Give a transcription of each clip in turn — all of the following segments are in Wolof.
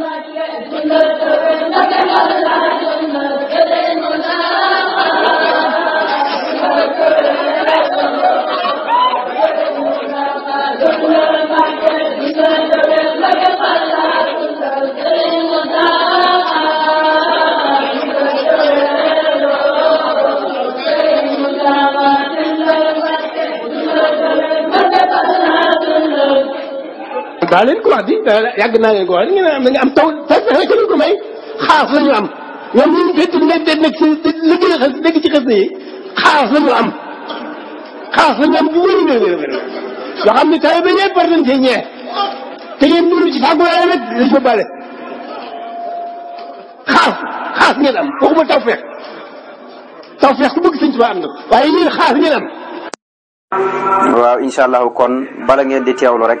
الله maa leen ko wax di ngeen am da nga am taw fexe ko ko may xaas am a xas na yi xaas la ñu am xaas la ñu am bu wér wér wér yoo xam ne ñee te ngeen dund ci tàggooyaay rek dañ ko bale xaas ngeen am waxuma taw feex taw ku bëgg sëñ Tuubaa am na waaye yéen xaas ngeen am waaw incha kon bala ngeen di teewlu rek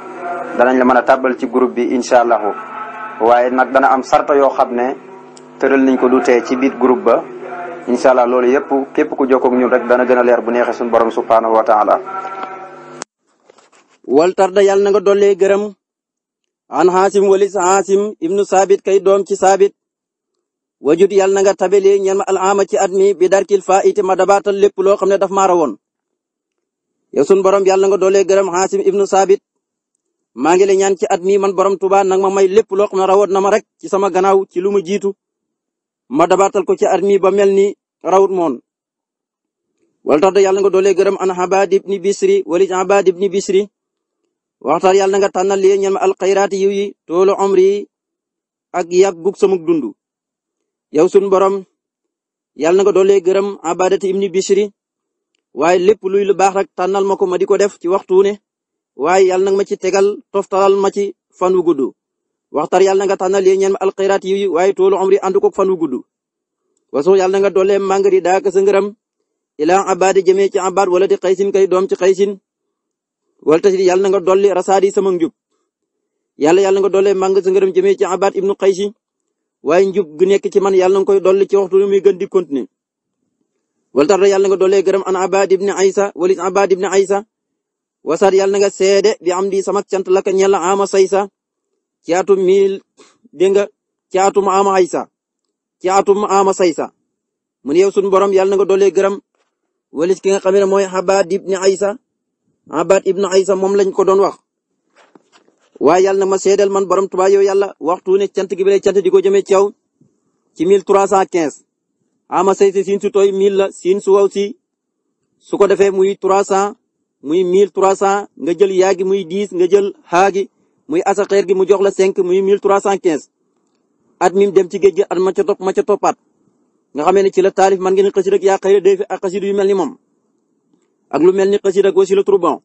danañ la mën a tàbbal ci groupe bi incha allahu waaye nag dana am sarta yoo xam ne tëral nañ ko du tee ci biir groupe ba incha lool loolu yëpp képp ku jokkoog ñun rek dana gën a leer bu neexee suñu borom subhaanahu wa taala waltar da yàlla na nga dollee gërëm an xaasim walis xaasim ibnu saabit kay doom ci saabit wajut yàlla na nga tabelee ñen ma alama ci at bi darkil fa iti ma dabaatal lépp loo xam ne daf maara woon yow sun borom yàlla na nga doolee ibnu saabit maa ngi lay ñaan ci at mii man borom Touba nag ma may lépp loo xam ne rawoon na ma rek ci sama gannaaw ci lu ma jiitu ma dabatal ko ci at mii ba mel ni rawut moon wala tax da yàlla nga doolee gërëm an Abaad ibni Bisri wali Abaad ibni Bisri waxtaan yàlla nga tànnal li ñeel ma alxayraati yiw yi toolu omri ak yàggug samug dund yow sun borom yàlla na nga doolee gërëm Abaadati ibni Bisri waaye lépp luy lu baax rek tànnal ma ko ma di ko def ci waxtu ne waaye yàlla nag ma ci tegal toftalal ma ci fan wu gudd waxtar yàlla na nga tànnal yéen ñeen ma alxayraat yi waaye toolu omri ànd ko fan wu gudd wasu yàlla na nga doole màng di daaka sa ngërëm ilaa abaadi jëmee ci abaad wala di xaysin kay doom ci xaysin wala tasit yàlla na nga dolli rasaadi sama njub yàlla yàlla nga doole màng sa ngërëm jëmee ci abaad ibnu xaysi waaye njub gu nekk ci man yàlla na nga koy dolli ci waxtu muy gën di continuer wala tax yàlla nga doole gërëm an abaad ibni aysa walis abaad ibni aysa wasaat yàlla na nga seede bi am di samak cant la ka ñeel ama saysa ci atum mille dégg nga ci atum ama aysa ci atum ama saysa mu ne yow sunu borom yàlla na nga doole gërëm walis ki nga xam ne mooy Abaad ibn Aysa Abaad ibn Aysa moom lañ ko doon wax. waaye yàlla ma seedeel man borom Tuubaa yow yàlla waxtu ne cant gi bi lay cant di ko jëmee ci yow ci mille trois cent quinze. ama saysa siin su tooy mille la siin su waw si su ko defee muy trois cent. muy mille trois cent nga jël yaa gi muy dix nga jël xaa gi muy asaxeer gi mu jox la cinq muy mille trois cent quinze. at mi dem ci géej gi at ma toppaat nga xamee ne ci la taalif man ngeen di xasida yaa xëy na ak xasida yu mel ni moom ak lu mel ni xasida ak wasiila turban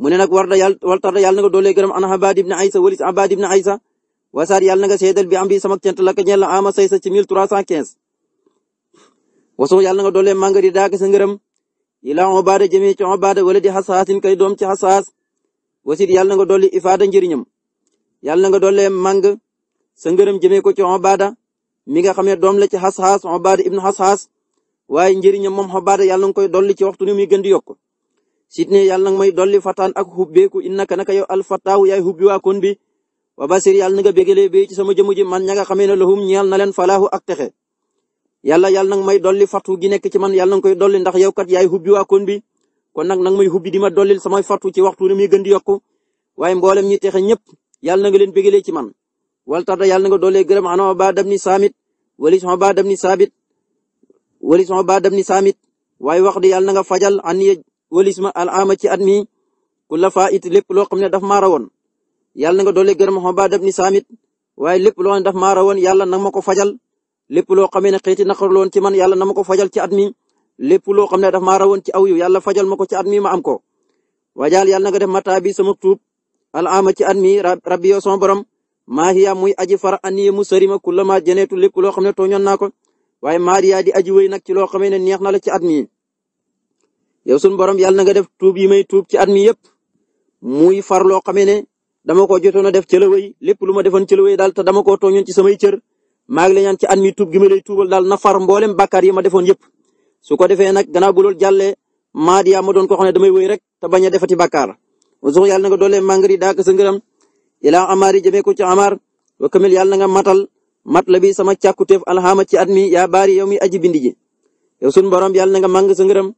mu ne nag war da yàlla wal tar da yàlla na nga doolee gërëm an Abaad ibn Aysa walis na ibn Aysa wasaar yàlla na nga seedal bi am sama cant la ka ñeel ama saysa ci mille trois cent quinze. wasoo yàlla na nga doolee mànga sa ngërëm ila ubaada jëmee ci ubaada wala di xasaasin kay doom ci xasaas wasit yàlla nga dolli ifaada njëriñam yàlla nga dolle màng sa ngërëm jëmee ko ci ubaada mi nga xam ne doom la ci xasaas ubaada ibnu xasaas waaye njëriñam moom ubaada yàlla nga koy dolli ci waxtu ni muy gën di yokk sit ne yàlla nga may dolli fataan ak xubbeeku innaka naka yow alfataahu yaay xubbi waa kon bi wa basir yàlla nga bégalee bi ci sama jëmu man ña nga xamee ne lahum ñeel na leen falaahu ak texe yàlla yàlla nag may dolli fatu gi nekk ci man yàlla nag koy dolli ndax yow kat yaay hubbi waa kon kon nag nag may hubbi di ma dollil samay fatu ci waxtu wi muy gën di yokku waaye mboolem ñi texe ñëpp yàlla na nga leen bégalee ci man. wal tax da yàlla na nga dollee gërëm xanaa ba dam ni saamit wali sama ba dam ni saabit wali sama ba dam ni saamit waaye wax di yàlla na nga fajal ànd ya walis ma al ama ci at mi ku la faa it lépp loo xam ne daf maa rawoon yalla na nga dollee gërëm xanaa ba dam ni saamit waaye lépp loo xam ne maa rawoon yàlla nag ma ko fajal lépp loo xamee ne xeeti naqar loon ci man yàlla na ko fajal ci at mi lépp loo xam ne daf maa rawoon ci aw yu yàlla fajal ma ko ci at mi ma am ko wajaal yàlla na nga def mataa bi sama tuub al ama ci at mi rabbi yoo sama borom maa hiya muy aji fara aniye mu sërima kulla ma jeneetu lépp loo xam ne tooñoon naa ko waaye maariya di aji wéy ci loo xamee ne neex na la ci at mi yow sun borom yàlla na nga def tuub yi may tuub ci at mi yëpp muy far loo xamee ne dama ko jotoon a def ci la wéy lépp lu ma defoon ci la wéy daal dama koo ci samay cër maa ngi la ñaan ci at mi tuub gi ma lay tuubal daal na far mboolem bàkkaar yi ma defoon yëpp su ko defee nag gannaaw bu jalle jàllee maadiyaa ma doon ko xam ne damay wéy rek te bañ a defati bàkkaar wasux yàlla na nga doolee mangari daak sa ngërëm ilaa amaar yi ko ci amaar wa kamil yàlla na nga matal mat la bi sama càkkuteef alxaama ci at mi yaa baari yow mi aji bindi ji yow sun borom yàlla na nga màng sa ngërëm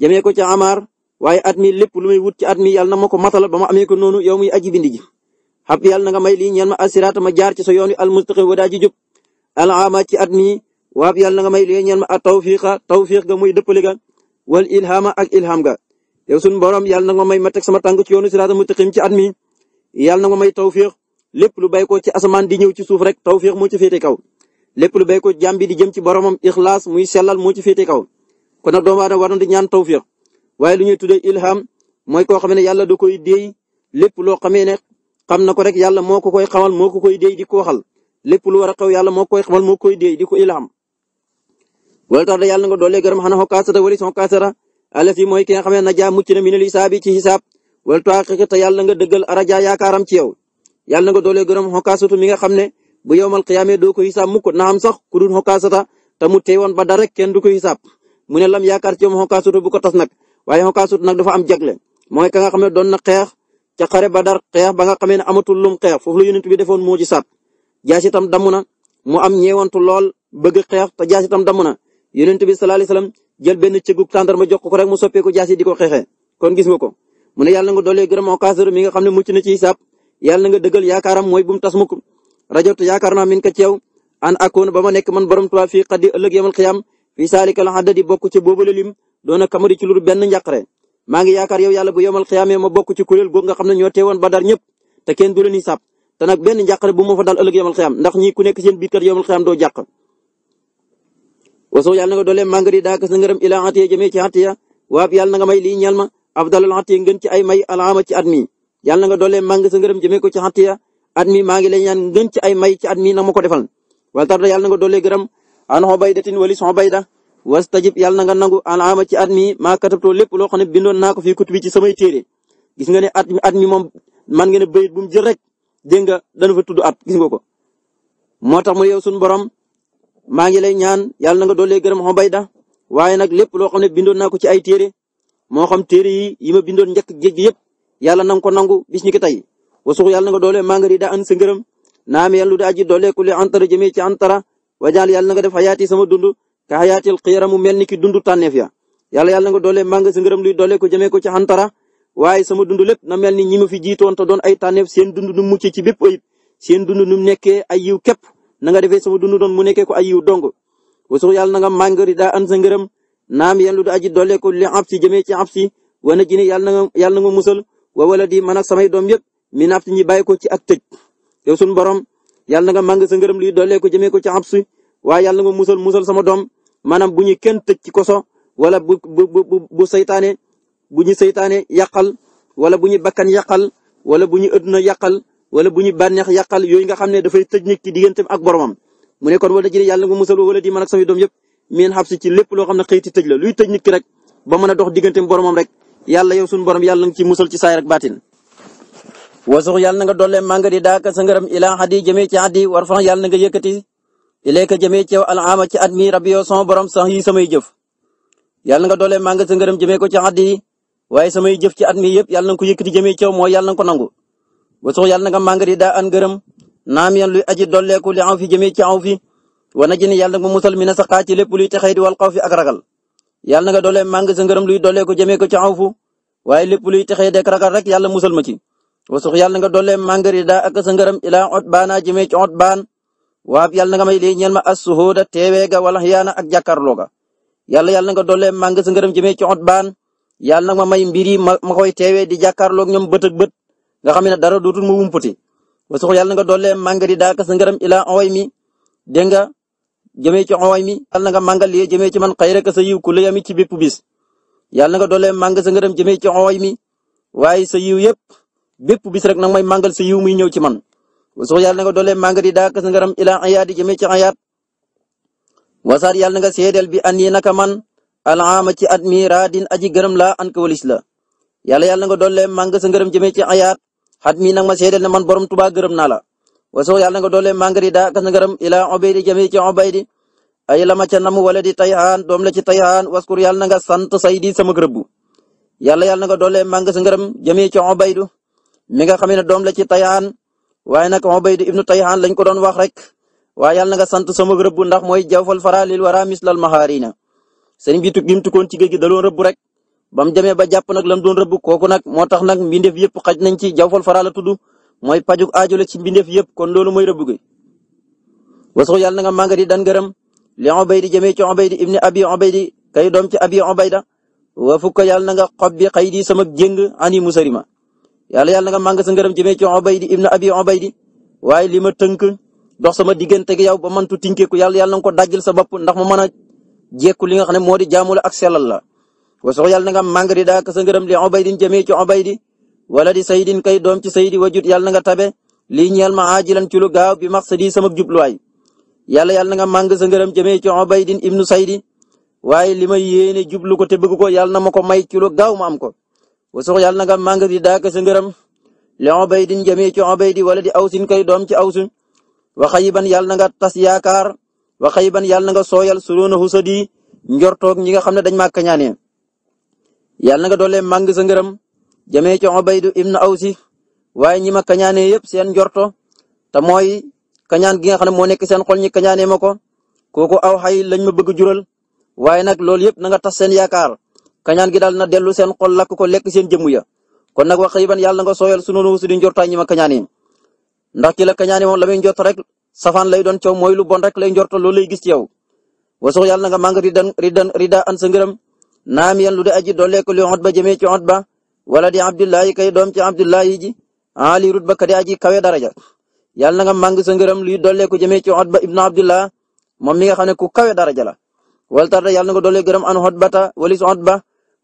jëmee ko ci amaar waaye at mi lépp lu may wut ci at mi yàlla na ma ko matal ba ma amee ko noonu yow mi aji bindi ji xab yàlla na nga may lii ñeen ma asiraata ma jaar ci sa yoon wi almustaqim wadaaji jub alaama ci at mi waab yàlla na nga may li ñaan ma at tawfiqa tawfiq ga muy dëppale ga wal ilhama ak ilham ga yow suñu borom yàlla na nga may ma teg sama tànk ci yoonu siraatal mustaqim ci at mi yàlla na nga may tawfiq lépp lu bay ko ci asamaan di ñëw ci suuf rek tawfiq moo ci féete kaw lépp lu bay ko jàmm bi di jëm ci boromam ixlaas muy sellal moo ci féete kaw kon nag doomu aadama war na di ñaan tawfiq waaye lu ñuy tuddee ilham mooy koo xam ne yàlla da koy déey lépp loo xamee ne xam na ko rek yàlla moo ko koy xamal moo ko koy déey di ko lépp lu war a xew yàlla moo koy xamal moo ko ilham da yàlla nga doole gërëm xana xokkaasata wali son kaasara alef yi mooy ki nga xam ne najaa mucc na minal isaabi ci xisaab wala tuaqiqa te yàlla nga dëggal araja yaakaaram ci yow yàlla nga doole gërëm xokkaasatu mi nga xam ne bu yowmal qiyaamee doo ko xisaab mukk na am sax ku dul xokkaasata mu teewoon ba dara kenn du ko xisaab mu lam yaakaar ci yow xokkaasatu bu ko tas nag waaye xokkaasatu nag dafa am jagle mooy ka a xam ne doon na xeex ca xare ba nga xamee ne amatul lum xeex foofu la yonent bi defoon moo ci jaasi itam damm na mu am ñeewantu lool bëgg xeex te jaasi itam damm na yonent bi sallallahu alayhi wasallam jël benn cëggug tàndarma jox ko rek mu soppeeku jaasi di ko xeexee kon gis nga ko mu ne yàlla nga doolee gërëm okaasar mi nga xam ne mucc na ci hisaab yàlla nga dëggal yaakaaram mooy bu mu tas mukk rajatu yaakaar naa min ka ceew an akoon ba ma nekk man borom tubaab fii xaddi ëllëg yamal xiyaam fii saalikal adad di bokk ci boobale lim doona kamari ci lur benn njàqare maa ngi yaakaar yow yàlla bu yomal kenn du leen te nag benn njàqare bu ma fa dal ëllëg yomal xiyaam ndax ñi ku nekk seen biir kat yomal xiyaam doo jàq wasoo yàlla na nga doole daaka sa ngërëm ilaa atiya jëmee ci atiya waab yàlla na nga may lii ñeel ma afdalul atiya ngën ci ay may alaama ci at mi yàlla na nga doole sa ngërëm jëmee ko ci atiya at mi maa ngi lay ñaan ngën ci ay may ci at na nag ma ko defal wala tarda yàlla na nga doole gërëm an xobaydatin wali son bayda wastajib yàlla na nga nangu alaama ci at mi maa katabtoo lépp loo xam ne bindoon naa ko fii kutub bi ci samay téere gis nga ne at mi at mi moom man nga ne bayit bu mu jël dégg nga dana fa tudd at gis nga ko moo tax mu yow suñu borom maa ngi lay ñaan yàlla na nga doolee gërëm da waaye nag lépp loo xam ne bindoon naa ko ci ay téere moo xam téere yi yi ma bindoon njëkk géej gi yëpp yàlla na ko nangu bis ñi ko tey wasuux yàlla na nga doolee maa nga ri daa an sa ngërëm naam yàlla lu daa ji doolee ku li antara jëmee ci antara wajaal yàlla na nga def xayaati sama dund ka xayaatil xiyara mu mel ni ki dund tànneef ya yàlla yàlla nga doolee maa nga ngërëm luy doolee ko jëmee ko ci antara waaye sama dund lépp na mel ni ñi ma fi jiitoon te doon ay tànneef seen dund nu mucc ci bépp ayib seen dund nu nekkee ay yiw képp nanga nga defee sama dund doon mu nekkee ko ay yiw dong wasux yàlla na nga màngari daa an sa ngërëm naam yéen lu du aji doole ko li ab si jëmee ci ab si wana ji ne yàlla na nga na nga musal wa wala di man ak samay doom yëpp mi naaf ñi bàyyi ko ci ak tëj yow suñu borom yàlla na nga màng ngërëm luy doole ko jëmee ko ci ab si waaye yàlla nga musal musal sama doom maanaam bu ñu kenn tëj ci koso wala bu bu bu bu saytaane bu ñu seytaane yàqal wala bu ñu bakkan yàqal wala bu ñu ëdduna yàqal wala bu ñu bànneex yàqal yooyu nga xam ne dafay tëj nit ki digganteem ak boromam mu ne kon wala jëri yàlla nga musal wala di man ak samay doom yëpp meen xab si ci lépp loo xam ne xëyti tëj la luy tëj nit ki rek ba mën a dox digganteem boromam rek yàlla yow borom yàlla nga ci musal ci saay rek baatin wasux yàlla na nga dolle mànga di daaka sa ngërëm ilaa xadi jëmee ci xadi war fax yàlla na nga yëkkati ilayka jëmee ci yow at mi rabbi yow sama borom sax yi samay jëf yàlla nga dolle mànga sa ngërëm jëmee ko ci xadi waaye samay jëf ci at mi yëpp yàlla na ko yëkkati jëmee caw mooy yàlla na ko nangu ba sox yàlla na nga màngari daa an gërëm naam yan luy aji dolleeku li aw fi ci aw fi wana jëni yàlla nga musal mi na saxaa ci lépp luy texee di wal xaw fi ak ragal yàlla na nga doole màng sa ngërëm luy dolleeku jëmee ko ci aw fu waaye lépp luy texee dek ragal rek yàlla musal ma ci wasuux yàlla nga doole màngari daa ak sa ngërëm ilaa ot baanaa jëmee ci ot baan waab yàlla nga may lii ma as suhuda teewee wala xiyaana ak jàkkaarloo ga yàlla yàlla nga doole màng sa jëmee ci ot baan yàlla nag ma may mbir yi ma ma koy teewee di jàkkaarloog ñoom bët ak bët nga xam ne dara dootul mu wumputi wa suxul yàlla na nga dollee màngari daa ka sa ngërëm mi dégg nga jëmee ci mi yàlla na nga màngal lee jëmee ci man xayra ka sa yiw ku la yami ci bépp bis yàlla nga dollee màng sa ngërëm jëmee ci ooy mi waaye sa yiw yëpp bépp bis rek na may màngal sa yiw muy ñëw ci man wa suxul yàlla na nga dollee màngari daa ka sa ngërëm ilaa ayaat yi jëmee ci ayaat yàlla na nga seedeel bi an yi man alaama ci at mi raadin aji gërëm laa an ko walis la yàlla yàlla nga dolle màng sa ngërëm jëmee ci ayaat at mi nag ma seedeel man borom Tuubaa gërëm naa la wasoo yàlla nga dolle màng di daa ka sa ngërëm ilaa obaydi jëmee ci obaydi ay la ma ca namu wala di tayaan doom la ci tayaan waskur yàlla na nga sant saydi sama gërëbu yàlla yàlla na nga dolle màng sa ngërëm jëmee ci obaydu mi nga xam ne doom la ci tayaan waaye nag obaydu ibnu tayaan lañ ko doon wax rek waaye yàlla na nga sant sama gërëbu ndax mooy jawfal faraalil wara mislal mahaarina sëriñ bi tukki bi mu tukkoon ci géej gi da doon rëbb rek ba mu demee ba jàpp nag lam doon rëbb kooku nag moo tax nag mbindeef yëpp xaj nañ ci jawfal fara la tudd mooy pajuk aajo la ci mbindeef yëpp kon loolu mooy rëbb gi wasu yàlla na nga màngati dan gërëm li Ubaydi jëmee ci Ubaydi ibni Abi Ubaydi kay doom ci Abi Ubayda wa fukka yàlla na nga xob bi xëy di sama jéng ani musarima yàlla yàlla na nga màng sa ngërëm jëmee ci Ubaydi ibni Abi Ubaydi waaye li ma tënk dox sama diggante ak yow ba mantu tinkeeku yàlla yàlla na nga ko dajjal sa bopp ndax ma mën a jekku li nga xam ne moo di jaamu la ak sellal la wasox yàlla na nga màng di daa ka sa ngërëm li obaydin jëmee ci obaydi wala di saydin kay doom ci saydi wajut yàlla na nga tabe lii ñeel ma aajilan ci lu gaaw bi maqsadi sama jubluwaay yàlla yàlla na nga màng sa ngërëm jëmee ci obaydin ibnu saydi waaye li ma yéene jublu ko te bëgg ko yàlla na ma ko may ci lu gaaw ma am ko wasox yàlla na nga màng di daa ka sa ngërëm li obaydin jëmee ci obaydi wala di awsin kay doom ci awsun waxa yiban na nga tas yaakaar wa ban yàlla na nga sooyal suróona husadi njortoog ñi xam ne dañ maa kañaane yàlla na nga doole màng sa ngërëm jamee ci Ubaydu ibn Awsi waaye ñi ma kañaane yëpp seen njorto te mooy kañaan gi nga xam ne moo nekk seen xol ñi kañaane ma ko kooku aw xay lañ ma bëgg jural waaye nag loolu yëpp na nga tas seen yaakaar kañaan gi daal na dellu seen xol lakk ko lekk seen jëmm ya kon nag wa xëy ban yàlla na nga sooyal suróona husadi njortaay ñi ndax ki la kañaane moom la rek safaan lay doon caw mooy lu bon rek lay njorto loolu gis ci yow wasux nga mànga ridan ridan rida an sa ngërëm naam yan lu de aji dooleeku li xot ba jëmee ci xot ba wala di abdullahi kay doom ci abdullahi ji ali rut ba kadi aji kawe daraja yàlla na nga mang sa li dole dooleeku jëmee ci xot ba ibnu abdullah moom mi nga xam ne ku kawe daraja la wal tarda yàlla na nga doolee gërëm an xot ba ta wali su xot ba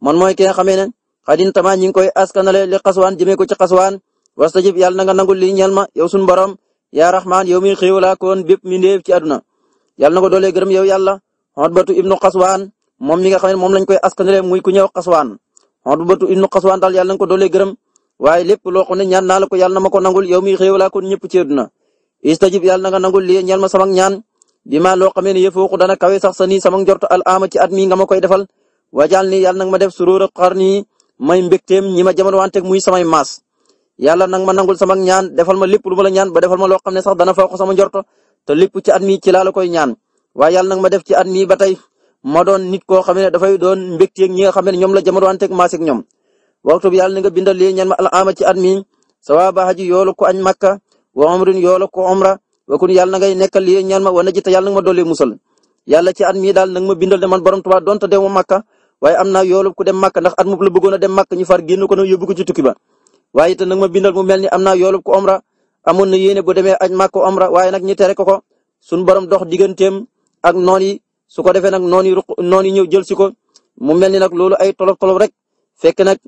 man mooy ki nga xamee ne xadin tama ñi koy askanale ko ci xaswaan na nga nangul li ñeel ma yow sun borom yaa raxmaan yow mi xéewalaa koon bépp mbindeef ci àdduna yàlla na ko doolee gërëm yow yàlla xotbatu ibnu xaswaan moom mi nga xam ne moom lañ koy askanale muy ku ñëw xaswaan xotbatu ibnu xaswaan daal yàlla na ko doolee gërëm waaye lépp loo xam ne ñaan naa ko yàlla na ma ko nangul yow mi xéewalaa koon ñëpp ci àdduna istajib na nga nangul lii ñeel ma sama ñaan bi ma loo xamee ne yëfooku dana kawe sax sa nii sama njort al ama ci at mi nga ma koy defal wajaal ni yàlla na nga ma def suróora xar nii may mbégteem ñi ma jamono wante muy samay maas yàlla nag ma nangul sama ñaan defal ma lépp lu ma la ñaan ba defal ma loo xam ne sax dana faw ko sama njorto te lépp ci at ci laa la koy ñaan waaye yàlla nag ma def ci at mi ma doon nit koo xam ne dafay doon mbégteeg ñi nga xam ne ñoom la jamono wanteeg maas ak ñoom waxtu bi yàlla na nga bindal lii ñaan ma al ama ci at mi sawaaba haji yoolu ko añ makka wa umrin yoolu ko umra wa kun yàlla na ngay nekkal lii ñaan ma na ma ku dem makka ndax at mu la bëggoon a dem makka ñu far génn ko na yóbbu ko ci tukki ba waaye itam nag ma bindal mu mel ni am naa yoolub ko omra amoon na yéene bu demee aj màkko omra waaye nag ñi tere ko ko suñu borom dox digganteem ak noon yi su ko defee nag noon yi noon yi ñëw jël si ko mu mel ni nag loolu ay tolof tolof rek fekk nag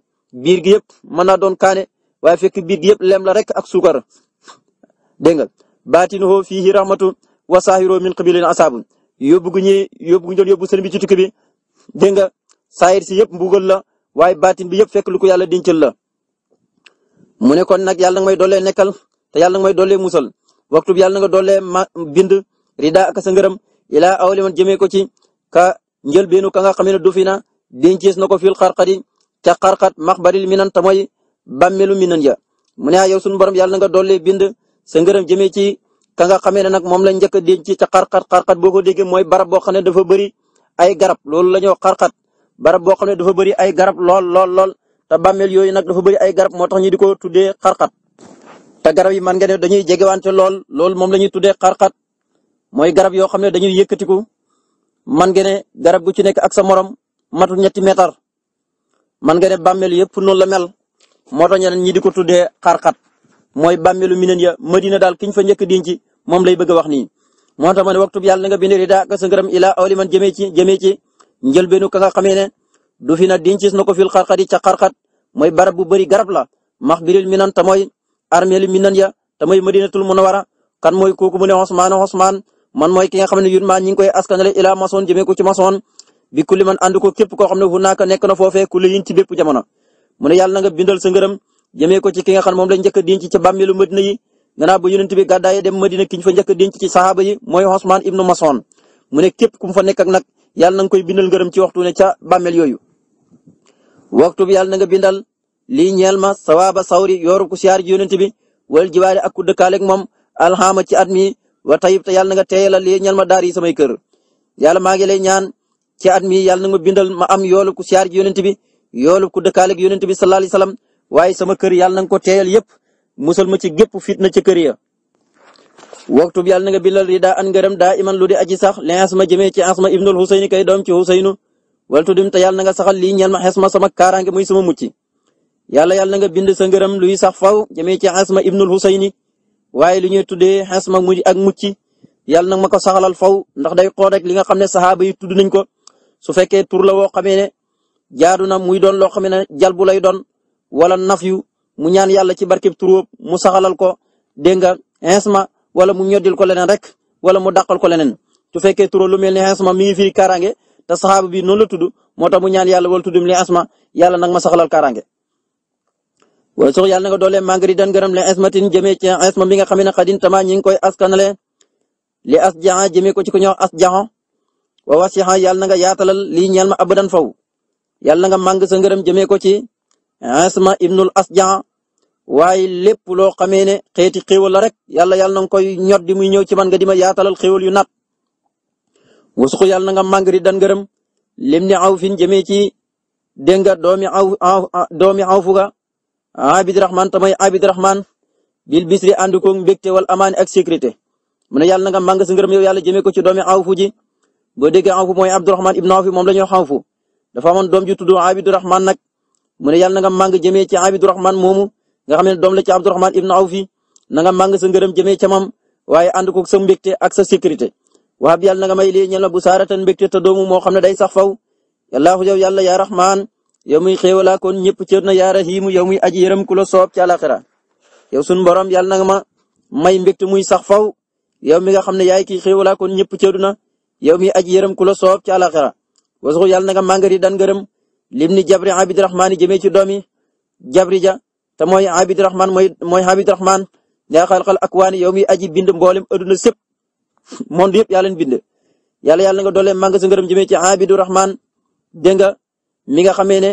biir gi yëpp mën naa doon kaane waaye fekk biir yëpp lem la rek ak suukar dégg nga baatinuhu fiihi rahmatu wa saahiru min qabilin asaabu yóbbu gu ñuy yóbbu gu ñu doon yóbbu sëriñ bi ci tukki bi nga saayir si yëpp mbugal la waaye baatin bi yëpp fekk ko yàlla dencal la mu ne kon nag yàlla nga may doole nekkal te yàlla nga may doole musal waxtu bi yàlla nga doole ma bind rida ak sa ngërëm ilaa awli man ko ci ka njëlbeenu ka nga xam ne du fi na dencees na ko fil xarxari ca xarxat maxbaril minan te mooy bàmmeelu minan ya mu ne ah, yow sunu borom yàlla nga doole bind sa ngërëm jëmee ci ka nga xamee ne nag moom la njëkk a denc ca xarxat xarxat boo ko déggee mooy barab boo xam ne dafa bëri ay garab loolu la ñuy wax xarxat boo xam ne dafa bëri ay garab lool lool lool te bàmmeel yooyu nag dafa bari ay garab moo tax ñu di ko tuddee xarxat te garab yi man nga ne dañuy jegewante lool lool moom la ñuy tuddee xarxat mooy garab yoo xam ne dañuy yëkkatiku man nga ne garab gu ci nekk ak sa morom matul ñetti meetar man nga ne bàmmeel yëpp noonu la mel moo tax ñeneen ñi di ko tuddee xarxat mooy bàmmeelu mineen ya madina daal kiñ fa njëkk diñ ci moom lay bëgg a wax nii. moo tax ma ne waxtu bi yàlla nga bind rida ak sa ngërëm awli man jëmee ci jëmee ci njëlbeenu ka nga xamee ne du fi na dencis na ko fil xarxat yi ca xarxat mooy barab bu bëri garab la maxbiril minan ta mooy armeelu minan ya ta mooy madinatul munawara kan mooy kooku mu ne Osmaan Osmaan man mooy ki nga xam ne yun maa man ànd ko képp koo xam ne fu nekk na foofee kulli yin ci bépp jamono mu ne yàlla na nga bindal sa ngërëm jëmee ko ci a denc ca bàmmeelu madina yi fa njëkk a denc ci ne képp ku mu fa nekk ak nag yàlla na koy bindal ngërëm ci waxtu ne ca bàmmeel yooyu waxtu bi yàlla na nga bindal lii ñeel ma sawaaba sawri yooru ku siyaar ji yonent bi wal jiwaari ak ku dëkkaaleeg moom alxaama ci at mi wa tayib te yàlla na nga teeyalal lii ñeel ma daar samay kër yàlla maa ngi lay ñaan ci at mi yàlla na nga bindal ma am yoolu ku siyaar ji yonent bi yoolu ku dëkkaaleeg yonent bi sallallahu alayhi wasallam waaye sama kër yàlla na nga ko teeyal yépp musal ma ci gépp fitna ci kër ya waxtu bi yàlla na nga bindal rida an ngërëm daa iman lu di aji sax li asma jëmee ci asma ibnul husayni kay doom ci wal tuddim te yàlla na nga saxal lii ñeel ma ma sama kaaraange muy sama mucc yàlla yàlla bind sa ngërëm luy sax faw jëmee ci xes ma ibnul husayni waaye li ñuy tuddee xes ma mujj ak mucc yàlla na ma ko saxalal faw ndax day xool rek li nga xam ne saxaaba yi tudd nañ ko su fekkee tur la woo xamee ne jaadu na muy doon loo xam ne jalbu lay doon wala naf yu mu ñaan yàlla ci barkeb turóob mu saxalal ko dégg nga xes ma wala mu ñoddil ko leneen rek wala mu dàqal ko leneen su fekkee turoo lu ne xes te saxaaba bi no la tudd moo tax mu ñaan yàlla wal tuddum li asma yàlla nag ma saxalal kaaraange wala sox yàlla na nga doolee mangari dan gërëm li asmatin jëmee ci asma bi nga xam ne xadin tama ñi ngi koy askanale li as jaxa ko ci ko ñëw as jaxo wa wasixa yàlla na nga yaatalal lii ñeel ma abadan faw yàlla na nga màng sa ngërëm jëmee ko ci asma ibnul as jaxa waaye lépp loo xamee ne xeeti xéwal la rek yàlla yàlla na nga koy ñot di muy ñëw ci man nga dima ma yaatalal xéwal yu nat wasuxu yàlla na nga màngari dan ngërëm lim ni aw fin jëmee ci dégg nga doomi aw doomi aw fuga abid rahman tamay abid rahman bil bisri ànd koog mbégte wal amaani ak sécurité mu ne yàlla nga màng sa ngërëm yow yàlla jëmee ko ci doomi aw fu ji boo déggee aw fu mooy abdurahman ibnu aw fi moom la ñuy xaw fu dafa amoon doom ju tudd abid rahman nag mu ne yàlla nga màng jëmee ci abid rahman moomu nga xam ne doom la ci abdurahman ibnu aw fi na nga màng sa ngërëm jëmee ca mam waaye ànd koog sa mbégte ak sa sécurité waab yàlla nga may lii ñel ma bu saaratan mbégte te doomu moo xam ne day sax faw yàllaahu yow yàlla yaa raxmaan yow muy xéewalaa kon ñëpp cër na yaa raxiimu yow muy aji yërëm ku la soob ci alaxira yow sunu borom yàlla na ma may mbégte muy sax faw yow mi nga xam ne yaay kii xéewalaa kon ñëpp cër na yow muy aji yërëm ku soob ci alaxira wasu yàlla na nga màngari dan gërëm lim ni jabri abidurahmaan jëmee ci doom yi jabri ja te mooy abidurahmaan mooy mooy abidurahmaan yaa xalqal akwaan yow muy aji bind mboolem adduna sépp monde yëpp yaa leen bindee yàlla yàlla nga doole màgg sa ngërëm jëmee ci abidu rahman dégg nga mi nga xamee ne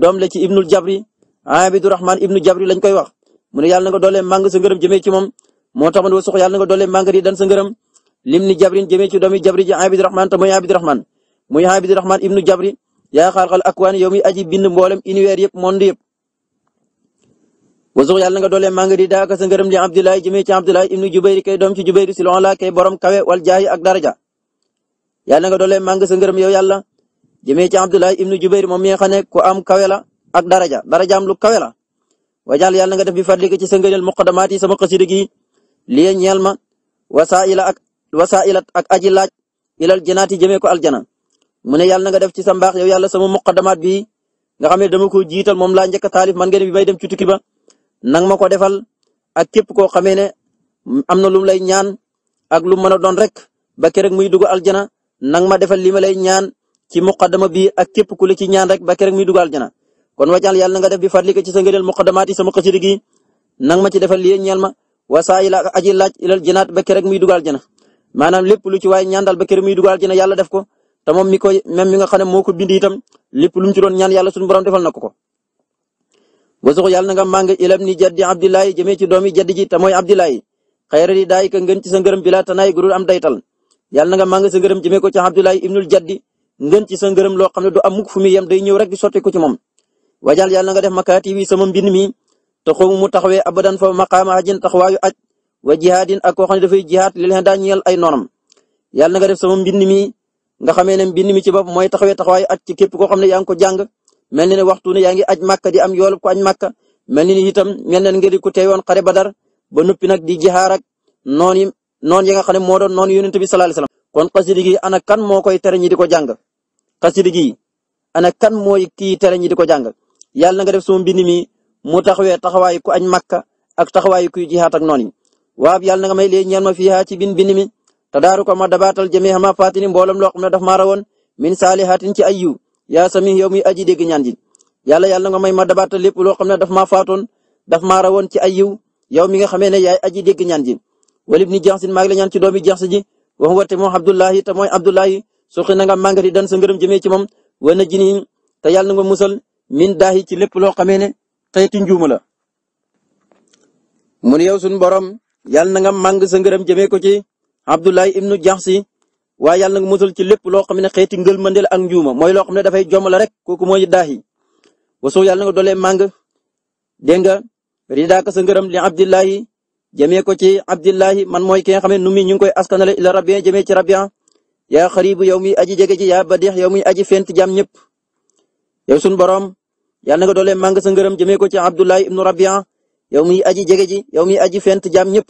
doom la ci ibnul jabri abidu rahman ibnu jabri lañ koy wax mu ne yàlla nga doole màgg sa ngërëm jëmee ci moom moo tax ma ne wasux yàlla nga doole màgg di dan sa ngërëm lim ni jabrin jëmee ci doomi jabri ji abidu rahman te mooy abidu rahman muy abidu rahman ibnu jabri yaa xaalxal akwaan yow mi aji bind mboolem univers yëpp monde yëpp wasux yàlla nga doole maa nga di daaka sa ngërëm li abdullahi jëmee ci abdullahi ibnu jubayri kay doom ci jubayri si la kay borom kawe wal jaayi ak daraja yàlla nga doole maa nga sa ngërëm yow yàlla jëmee ci abdullahi ibnu jubayri moom mi nga xam ne ku am kawe la ak daraja darajaam lu kawe la wajal yàlla nga def bi fadlika ci sa ngëneel muqadamaat yi sama xasida gi li ñeel ma wasaila ak wasailat ak aji laaj ilal janaati jëmee ko aljana mu ne yàlla nga def ci sa mbaax yow yàlla sama muqadamaat bi nga xam ne jiital moom laa njëkk taalif man nga bi may dem ci tukki ba nang ma ko defal ak képp koo xamee ne am na lu lay ñaan ak lu mën a doon rek ba keroog muy dugg aljana nang ma defal li ma lay ñaan ci muqaddama bi a képp ku la ci ñaan rek ba keroog muy dugg aljana kon wajal yàlla na nga def bi fàttali ko ci sa ngëneel muqaddamaati sama xasida gi nang ma ci defal li ñeel ma wasaayil ak aji laaj ilal janaat ba keroog muy dugg aljana maanaam lépp lu ci waaye ñaan daal ba keroog muy dugg aljana yàlla def ko te moom mi ko même mi nga xam ne moo ko bind itam lépp lu mu ci doon ñaan yàlla suñu borom defal na ko ko wasux yàlla na nga màng ilam ni jaddi abdillahi jëmee ci doomi jaddi ji te mooy abdillahi xayra di daay ka ngën ci sa bi laa tanaay gudul am daytal yàlla na nga màng sa ngërëm ko ci abdillahi ibnul jaddi ngën ci sa ngërëm loo xam ne du am mukk fu muy yem day ñëw rek di sotti ko ci moom wajal yàlla na nga def makaati wi sama mbind mi te xawmu mu taxawee abadan fa maqaama ajin taxawaayu aj wa jihaadin ak koo xam ne dafay jihaad li leen daa ay noonam yàlla na nga def sama mbind mi nga xamee ne mbind mi ci bopp mooy taxawee taxawaayu aj ci képp koo yaa ngi ko jàng mel ni ne waxtu ne yaa ngi aj màkka di am yoolub ko aj màkka mel ni ni mel na nga di ku teewoon xare badar ba noppi nag di jihaar ak noon yi noon yi nga xam ne moo doon noonu yonent bi sallallahu alayhi wasallam kon xasida gi ana kan moo koy tere ñi di ko jàng xasida gi ana kan mooy kii tere ñi di ko jàng yàlla nga def suma mbind mi mu taxawee taxawaayu ko aj màkka ak taxawaayu kuy jihaat ak noon yi waaw yàlla na nga may lee ñeel ma fii ci bin bind mi te daaru ko ma dabaatal jëmee xama faatini mboolem ay yiw yaa sami yow mi aji dégg ñaan ji yàlla yàlla nga may ma dabaata lépp loo xam ne daf maa faatoon daf maa rawoon ci ay yiw yow mi nga xamee ne yaay aji dégg ñaan ji walib ni jaxsin maa ngi la ñaan ci doomi jaxsi ji wax wate moom abdullahi te mooy abdullahi suqi na nga màngati dan sa ngërëm jëmee ci moom wana jini te yàlla nga musal min daahi ci lépp loo xamee ne xeeti njuuma la mu yow sunu borom yàlla na nga màng sa ngërëm jëmee ko ci abdullahi ibnu jaxsi waaye yàlla nga ci lépp loo xam ne xeeti ngël mëndel ak njuuma mooy loo xam ne dafay jomala rek kooku mooy daahi wasu yàlla nga doole màng dégg nga ridaaka ngërëm li abdillahi jëmee ko ci abdillahi man mooy ki nga xam ne ñu ngi koy askanal ila rabbi jëmee ci rabbi yaa xaribu yow mi aji jege ji yaa badix yow miy aji fent jàmm ñëpp yow sunu borom yàlla nga doole màng sa ngërëm jëmee ko ci abdullahi ibnu rabbi yow miy aji jege ji yow miy aji fent jàmm ñëpp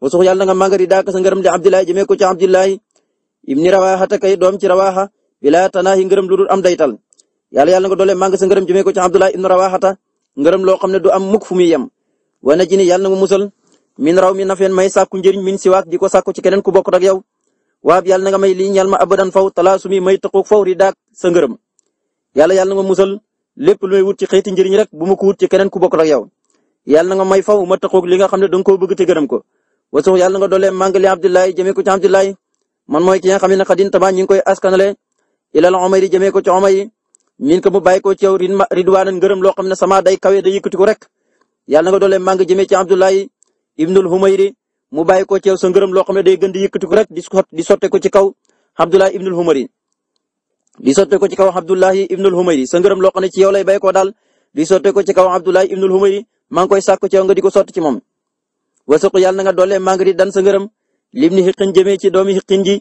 wasu yàlla nga màng ridaaka sa ngërëm li abdillahi jëmee ko ci abdillahi ibni rawaxa te kay doom ci rawaxa bila tanaahi ngërëm lu dul am daytal yàlla yàlla nga doole màng sa ngërëm jëmee ko ci abdullah ibnu rawaxata ngërëm loo xam ne du am mukk fu muy yem wana jini yàlla na mu musal min raw mi nafeen may sàkku njëriñ min siwaak di ko sàkku ci keneen ku bokk ak yow waab yàlla na nga may lii ñal ma abadan faw talaasumi may tëqoog faw ri daak sa ngërëm yàlla yàlla na ma musal lépp lu may wut ci xeeti njëriñ rek bu ma ko wut ci keneen ku bokk ak yow yàlla na nga may faw ma tëqoog li nga xam ne danga koo bëgg te ko wasu yàlla nga doole màng li abdullahi ko ci abdullahi man mooy ki nga xam ne nag xadin taba koy askanale ilal omar yi jëmee ko ci omar yi min ko mu bàyyi ko ci yow ridwaanan loo xam ne sama day kawe day yëkkati ko rek yàlla na nga doole màng jëmee ci abdullahi ibnul humayri mu bàyyi ko ci yow sa ngërëm loo xam ne day gën di yëkkati ko rek di sotte ko ci kaw abdullahi ibnul humayri di sotte ko ci kaw abdullahi ibnul humayri sa ngërëm loo xam ne ci yow lay bàyyi ko daal di sotte ko ci kaw abdullahi ibnul humayri maa ngi koy sàkku nga di ko sotti ci moom wasaqu yàlla na nga doole màng di dan sa limni xiqin jëmee ci doomi xiqin ji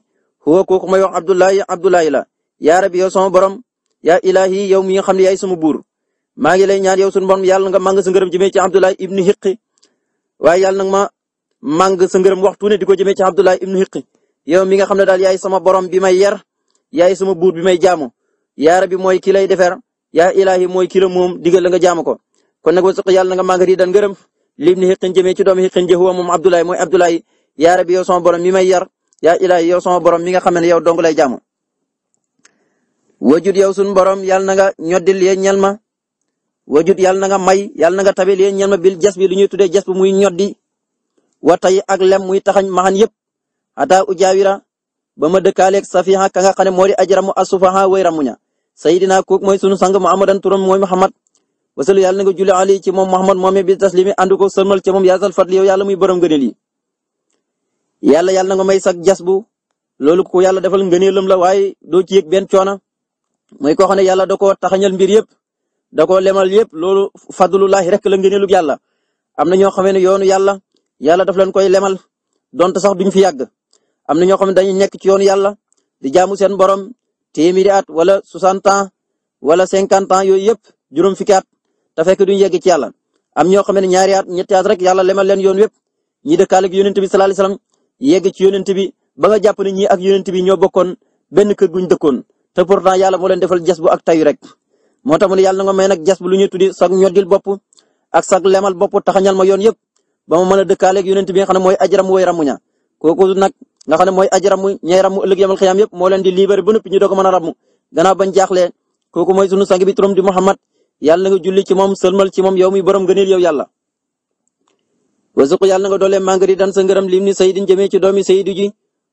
huwa kooku may wax Abdullahi Abdullahi la yaa rabbi yow sama borom yaa ilaahi yow mi nga xam ne sama buur maa ngi lay ñaan yow sunu borom yàlla nga màng sa ngërëm jëmee ci Abdullahi ibnu xiqi waaye yàlla nag ma màng sa ngërëm waxtu ne di ko jëmee ci Abdullahi ibnu xiqi yow mi nga xam ne daal yaay sama borom bi may yar yaay sama buur bi may jaamu yaa rabbi mooy ki lay defar yaa ilaahi mooy ki moom digal la nga jaamu ko kon nag wasaq yàlla nga màng di daan ngërëm lim ni xiqin jëmee ci doomi xiqin ji huwa moom Abdullahi mooy Abdullahi yaa rabbi yow sama borom mi may yar yaa ilaahi yow sama borom mi nga xam ne yow dong lay jaamu. wajut yow sunu borom yàlla na nga ñoddil yéen ñal ma wajut yàlla na may yàlla na nga tabil yéen ñal ma bil jas bi lu ñuy tuddee jas bi muy ñoddi watay ak lem muy taxañ maxan yëpp ata ujaawira ba ma dëkkaaleeg safiha ka nga xam ne moo di ajramu asufaha way ramuña sayidina kook mooy sunu sang muhammadan turam mooy muhammad wasalu yàlla na ali ci moom muhammad moome bi taslimi ànd ko ci moom yaasal muy borom gëneel yi yàlla yàlla na nga may sag jas bu loolu ku yàlla defal ngëneelam la waaye doo ci yëg benn coona mooy ko xam ne yàlla da koo taxañal mbir yëpp da koo lemal yëpp loolu fadlullahi rek la ngëneelug yàlla am na ñoo xamee ne yoonu yàlla yàlla daf leen koy lemal donte sax duñ fi yàgg am na ñoo xam ne dañuy nekk ci yoonu yàlla di jaamu seen borom téeméeri at wala 60 ans wala 50 ans yooyu yëpp juróom fukki at te fekk duñ yegg ci yàlla am ñoo xam ne ñaari at ñetti at rek yàlla lemal leen yoon yëpp ñi dëkkaale ak yonent bi sallallahu alayhi wasallam yegg ci yonent bi ba jàpp ne ñii ak yonent bi ñoo bokkoon benn kër guñ dëkkoon te pourtant yàlla moo leen defal jas ak tayu rek moo tax mu ne nga may nag jas bu lu ñuy tuddi sag ñoddil bopp ak sag lemal bopp taxañal ma yoon yëpp ba ma mën a dëkkaaleeg yonent bi nga xam ne mooy ajram way ramu ña kooku nag nga xam ne mooy ajram ñay ramu ëllëg yamal xiyaam yëpp moo leen di libéré ba noppi ñu doog a mën a ramu gannaaw bañ jaaxlee kooku mooy sunu sang bi turam di Muhammad yàlla nga julli ci moom sëlmal ci moom yow mi borom gëneel yow yàlla wasuq yàlla nga doole màngari dan sa ngërëm lim ni sayidin jëmee ci doomi sayidu ji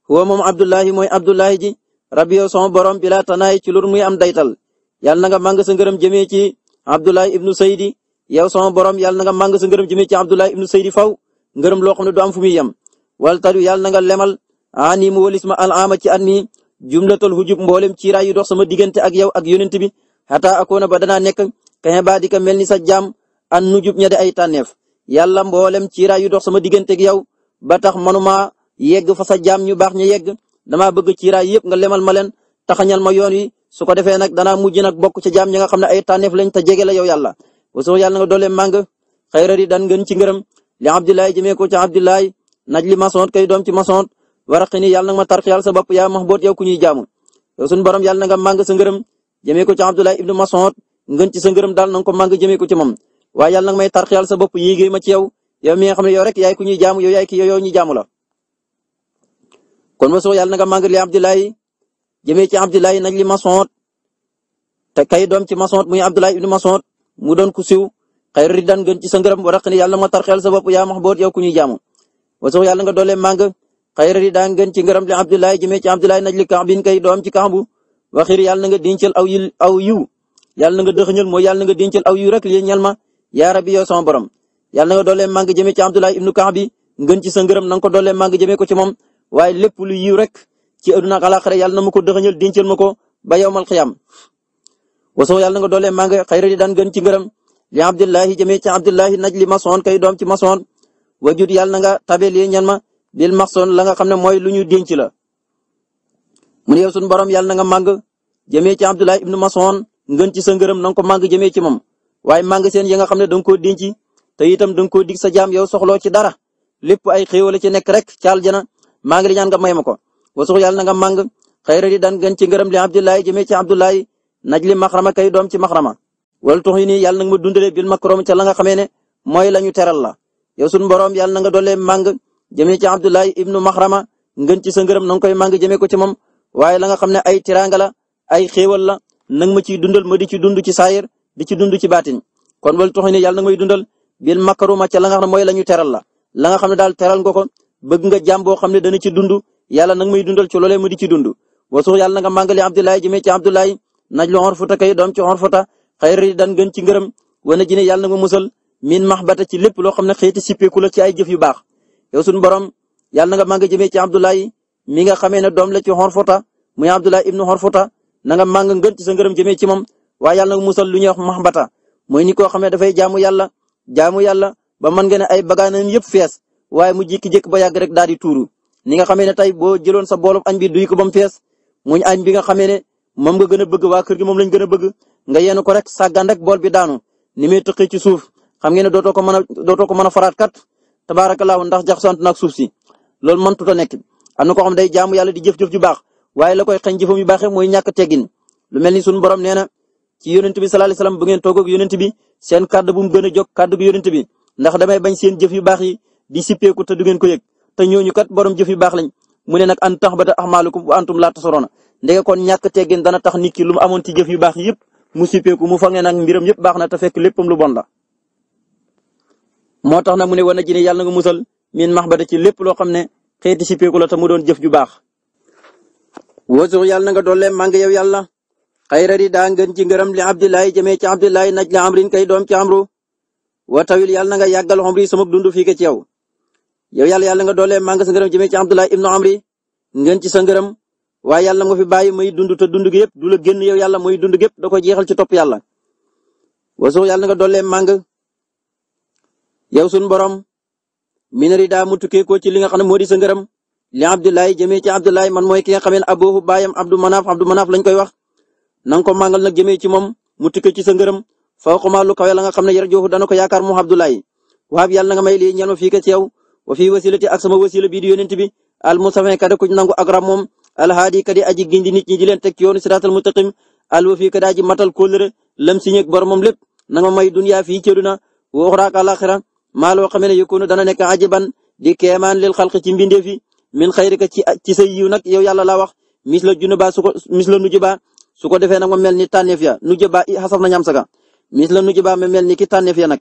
huwa moom abdullahi mooy abdullahi ji rabbi yow sama borom bi laa tanaay ci lur muy am daytal yàlla na nga màng sa ngërëm jëmee ci abdullahi ibnu sayidi yow sama borom yàlla na nga màng sa ngërëm jëmee ci abdullahi ibnu sayidi faw ngërëm loo xam ne du am fu muy yem wal tadu yàlla na nga lemal ani mu walis ma al ama ci at mi jumlatal hujub mboolem ci raay yu dox sama diggante ak yow ak yonent bi xataa akoona ba danaa nekk kañ baadika mel ni sa jaam an nujub ña ay tànneef yàlla mboolem ciiraay yu dox sama digganteeg yow ba tax manuma yegg fa sa jaam ñu baax ñu yegg damaa bëgg ciiraay yëpp nga lemal ma leen taxañal ma yoon wi su ko defee nag danaa mujj nag bokk ca jaam ñi nga xam ne ay tànneef lañ ta jege la yow yàlla wasoo yàlla nga doole mang xayra di dan ngeen ci ngërëm li abdullahi jëmee ko ci abdullahi naj li masoot kay doom ci masoot wara ni yàlla na ma tarxiyal sa bopp yaa mahboot yow ku ñuy jaamu suñu borom yàlla na nga màng sa ngërëm jëmee ko ci abdullahi ibnu masoot ngeen ci sa ngërëm daal na ko màng jëmee ko ci moom waaye yàlla nag may tarxiyal sa bopp yéegee ma ci yow yow mi ne yow yaay ku ñuy jaamu yow yaay ki yow ñu jaamu la kon ma soo yàlla na nga màngal li Abdullahi jëmee ci Abdullahi nag li Mas'ud te kay doom ci Mas'ud muy Abdullahi ibnu Mas'ud mu doon ku siw xëy ridan gën ci sa ngërëm war a xëy na yàlla ma tarxeel sa bopp yaa mahboot yow ku ñuy jaamu. ma soo yàlla nga doole màng xëy ridan gën ci ngërëm li Abdullahi jëmee ci Abdullahi nag li Kaabin kay doom ci Kaabu waxir yàlla na nga dencal aw yi aw yiw yàlla na nga dëxëñal mooy yàlla nga dencal aw yiw rek ma yaa bi yow sama borom yàlla na nga doolee màng jëmee ci Abdullah ibnu Kaab bi ngën ci sa ngërëm na nga ko doolee màng jëmee ko ci moom waaye lépp lu yiw rek ci aduna ak alaxira yàlla na ma ko dëxëñal dencal ma ko ba yowmal xiyaam wasoo yàlla nga doolee màng xayra di daan gën ci ngërëm li Abdullahi jëmee ci Abdullahi naj li masoon kay doom ci masoon wajut yàlla na nga tabee lii ñan ma bil maxsoon la nga xam ne mooy lu ñu denc la mu ne yow sunu borom yàlla na nga màng jëmee ci Abdullah ibnu Masoon ngën ci sa ngërëm na ko màng jëmee ci moom waaye seen yi nga xam ne da nga koo te itam da nga koo sa jaam yow soxloo ci dara lépp ay xéewal ci nekk rek ca aljana maa ngi la ñaan nga may ma ko wasux yàlla na nga màng xayra di daan gën ci ngërëm li abdullahi jëmee ci abdullahi naj li maxrama kay doom ci maxrama wal tux yi nii yàlla na nga dundalee bil makrom ca nga xamee ne mooy la ñu teral la yow sunu borom yàlla na nga dolee màng jëmee ci abdullahi ibnu maxrama ngën ci sa ngërëm na nga koy màng jëmee ko ci moom waaye la nga xam ne ay tiranga la ay xéewal la nag ma ciy dundal ma di ci dund ci saayir di ci dund ci baatin kon wal toxi ne yàlla nag may dundal bil makaruma ca la nga xam mooy la ñu teral la la nga xam ne daal teral nga ko bëgg nga jàmm boo xam ne dana ci dund yàlla nag may dundal ci loolee di ci dund wasu yàlla nga màngali abdullahi jëmee ci abdullahi naj lu xorfuta kay doom ci xorfuta xayri dan gën ci ngërëm wana ji ne yàlla nga musal min maxbata ci lépp loo xam ne xeeti sippeeku la ci ay jëf yu baax yow suñu borom yàlla nga mànga jëmee ci abdullahi mi nga xamee ne doom la ci xorfuta muy abdullahi ibnu xorfuta na nga màng ngën ci sa ngërëm jëmee ci moom waaye yàlla na musal lu ñuy wax maxbata mooy ni koo xam ne dafay jaamu yàlla jaamu yàlla ba mën nga ne ay bagaanam yëpp fees waaye mu jékki-jékki ba yàgg rek daal di tuuru ni nga xamee ne tey boo jëloon sa boolub añ bi duy ko ba mu fees muñ añ bi nga xamee ne moom nga gën a bëgg waa kër gi moom lañ gën a bëgg nga yenn ko rek sagan rek bool bi daanu ni muy tëqee ci suuf xam ngeen ne dootoo ko mën a dootoo ko mën a faraat kat tabaarakallaahu ndax jaxasante na ak suuf si loolu mën tuta nekk am na koo xam day jaamu yàlla di jëf-jëf ju baax waaye la koy xañ jëfam yu baaxee mooy ñàkk teggin lu mel ni suñu borom nee ci yonent bi sallallahu alayhi wasallam bu ngeen toog ak yonent bi seen kàddu bu mu gën a jóg kàddu gu yonent bi ndax damay bañ seen jëf yu baax di sippeeku te du ko yëg te ñooñu kat borom jëf yu baax lañ mu ne nag an tahbata ahmaalukum wa antum laa tasoroona ndege kon ñàkk teggin dana tax nit ki lu mu amoon ci jëf yu baax yëpp mu sippeeku mu fangee nag mbiram yëpp baax na te fekk léppam lu bon la moo tax nag mu ne wana jine yàlla nga musal min mahbata ci lépp loo xam ne xeeti sippeeku la ta mu doon jëf ju baax wasu yàlla na nga doole xayra di daa ngën ci ngërëm li abdillahi jëmee ci abdillahi naj li amrin kay doom ci amru wa tawil yàlla na nga yàggal omri sama dund fii ke ci yow yow yàlla yàlla nga doole mànga sa ngërëm jëmee ci abdillahi ibnu amri ngën ci sa ngërëm waaye yàlla nga fi bàyyi may dund te dund gi yëpp du la génn yow yàlla mooy dund gi yëpp da ko jeexal ci topp yàlla wasoo yàlla nga doole màng yow sun borom minari daa mu tukkee ko ci li nga xam ne moo di sa ngërëm li abdillahi jëmee ci abdillahi man mooy ki nga xamee ne aboohu baayam abdu manaaf abdu manaaf lañ koy wax na nga ko màngal nag jëmee ci moom mu tukkee ci sa ngërëm fawqamaa lu kawe la nga xam ne yar joofu dana ko yaakaar mu Abdoulaye waab yàlla na may lii ñal ma fii ka ci yow wa fii wasilati ak sama wasila bii di yónent al musafa kada ku nangu ak ram moom alhaadi aji gindi nit ñi di leen teg ci yoonu siraatal mustaqim kada aji matal kóllëre lam si ñeeg boromam lépp na nga may dunyaa fii ci àddina alaxira maa loo xamee ne yëkkoonu dana nekk ajiban di keemaan lil xalq ci mbindeef la junubaa su ko su ko defee nag ma mel ni tànneef ya nu jëbaa i xasaf na ñam saka mis la nu jëbaa ma mel ni ki tànneef ya nag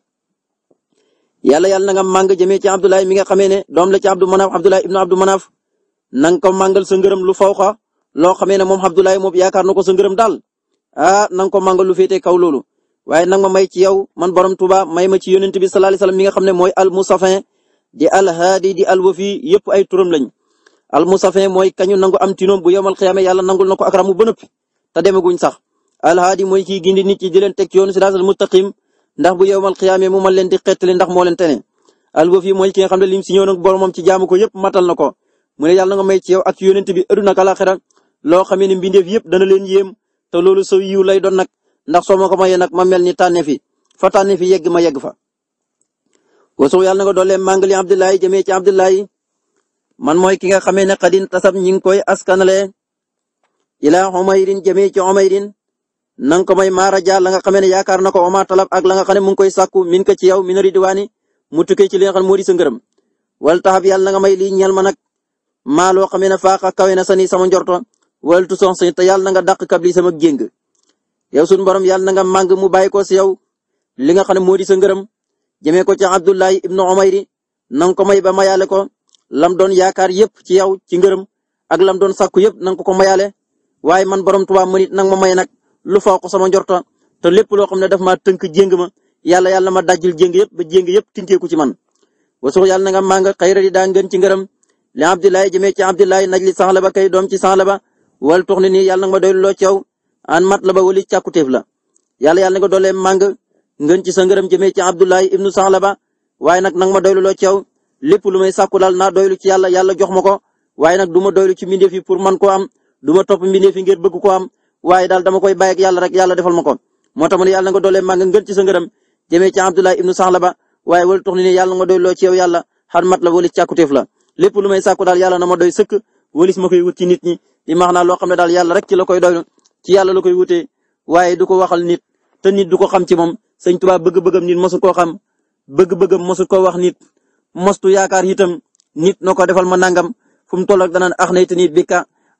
yàlla na nga màng jëmee ci Abdoulaye mi nga xamee ne doom la ci Abdou Manaf Abdoulaye ibnu Abdou Manaf na nga ko màngal sa ngërëm lu faw xa loo xamee ne moom Abdoulaye moom yaakaar na ko sa ngërëm daal ah ko màngal lu féetee kaw loolu waaye nag ma may ci yow man borom Touba may ma ci yonent bi sallallahu alayhi wasallam mi nga xam ne mooy al musafin di al haadi di al wafi ay turam lañ al musafin mooy kañu nangu am tinoom bu yomal xiyaame yàlla nangul na ko ak ramu ba te demaguñ sax alhaadi mooy kii gindi nit ñi di leen teg ci yoonu siraatal mustaqim ndax bu yowmal xiyaamee mu mën leen di xettali ndax moo leen tene alwafi mooy ki nga xam ne lim si ñëw nag boromam ci jaamu ko yëpp matal na ko mu ne nga may ci yow ak ci yonent bi aduna ak alaxira loo xamee ne mbindeef yëpp dana leen yéem te loolu sa yiw lay doon nag ndax soo ma ko mayee nag ma mel ni tànne fi fa tànne fi yegg ma yegg fa. wasu yàlla na ko dooleem màngali Abdullahi jëmee ci Abdullahi man mooy ki nga xamee ne xadin tasab ñi ngi koy askanale ilaa xumayrin jëmee ci xumayrin na nga ko may maara jaar la nga xamee ne yaakaar na ko wama talab ak la nga xam ne mu ngi koy sàkku min ko ci yow min ridwaani mu tukkee ci li nga xam ne moo di sa ngërëm wal taxab yàlla nga may lii ñeel ma nag maa loo xamee ne faaxa kawe na sani sama njorto wal tu sonsi te yàlla na nga dàq kab lii sama jéng yow sunu borom yàlla na nga màng mu bàyyi ko si yow li nga xam ne moo di sa ngërëm jëmee ko ci Abdullahi ibnu Umayri na nga ko may ba mayale ko lam doon yaakaar yëpp ci yow ci ngërëm ak lam doon sàkku yëpp na nga ko ko mayaale waaye man borom Tuubaa man it nag ma may nag lu faw sama njorta te lépp loo xam ne daf maa tënk jéng ma yàlla yàlla ma dajjul jéng yëpp ba jéng yëpp tinteeku ci man. wasux yàlla na nga màng xayra di daa ngeen ci ngërëm li Abdoulaye jëmee ci Abdoulaye naj li saxla ba kay doom ci saxla ba wal tux ni nii yàlla na ma doy loo ci yow an mat la ba wali càkkutéef la yàlla yàlla na nga doolee màng ngeen ci sa ngërëm jëmee ci Abdoulaye ibnu saxla ba waaye nag nag ma doy loo ci yow lépp lu may sàkku daal ci yàlla yàlla jox ma ko waaye nag du ma man koo am du ma topp mbindeef yi ngir bëgg ko am waaye daal dama koy bàyyi ak yàlla rek yàlla defal ma ko moo tax ma ne yàlla nga doole maa nga ngën ci sa ngërëm jëmee ci Abdullah ibnu Saxlaba waaye wala tax ni ne yàlla nga doy loo ci yow xar mat la wala càkkutéef la lépp lu may sàkku daal yàlla na ma doy sëkk walis ma koy wut ci nit ñi di maax naa loo xam ne daal yàlla rek ci la koy doylu ci yàlla la koy wutee waaye du ko waxal nit te nit du ko xam ci moom sëñ Tuubaa bëgg-bëggam nit mosul koo xam bëgg-bëggam mosul koo wax nit mostu yaakaar itam nit na ko defal ma nangam fu mu toll ak danaan ax na it nit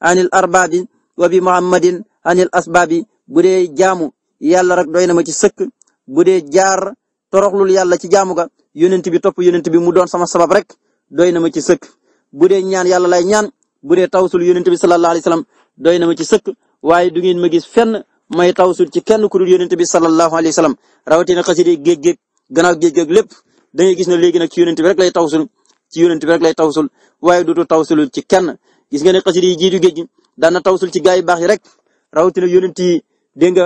anil arbaabi wa bi muhammadin anil asbaabi bu dee jaamu yàlla rek doy na ma ci sëkk bu dee jaar toroxlul yàlla ci jaamu ga yonent bi topp yonent bi mu doon sama sabab rek doy na ma ci sëkk bu dee ñaan yàlla lay ñaan bu dee tawsul yonent bi sallallahu alayhi wasallam doy na ma ci sëkk waaye du ngeen ma gis fenn may tawsul ci kenn ku dul yonent bi sallallahu alayhi wasallam rawatina xasida géej géej gannaaw géej géej lépp da ngay gis ne léegi nag ci yonent bi rek lay tawsul ci yonent bi rek lay gis nga ne xasida yi jiitu géej gi daan na tawsul ci gaa yu baax yi rek rawatina yonent yi dégg nga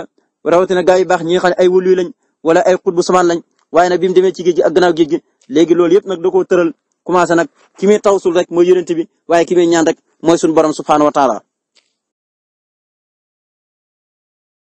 rawatina gaa yu baax ñi nga xam ne ay wëlu lañ wala ay xutbu samaan lañ waaye na bi mu demee ci géej gi ak gannaaw géej gi léegi loolu yëpp nag da koo tëral commencé nag ki muy tawsul rek mooy yonent bi waaye ki ñaan rek mooy suñu borom subhaanahu wa taala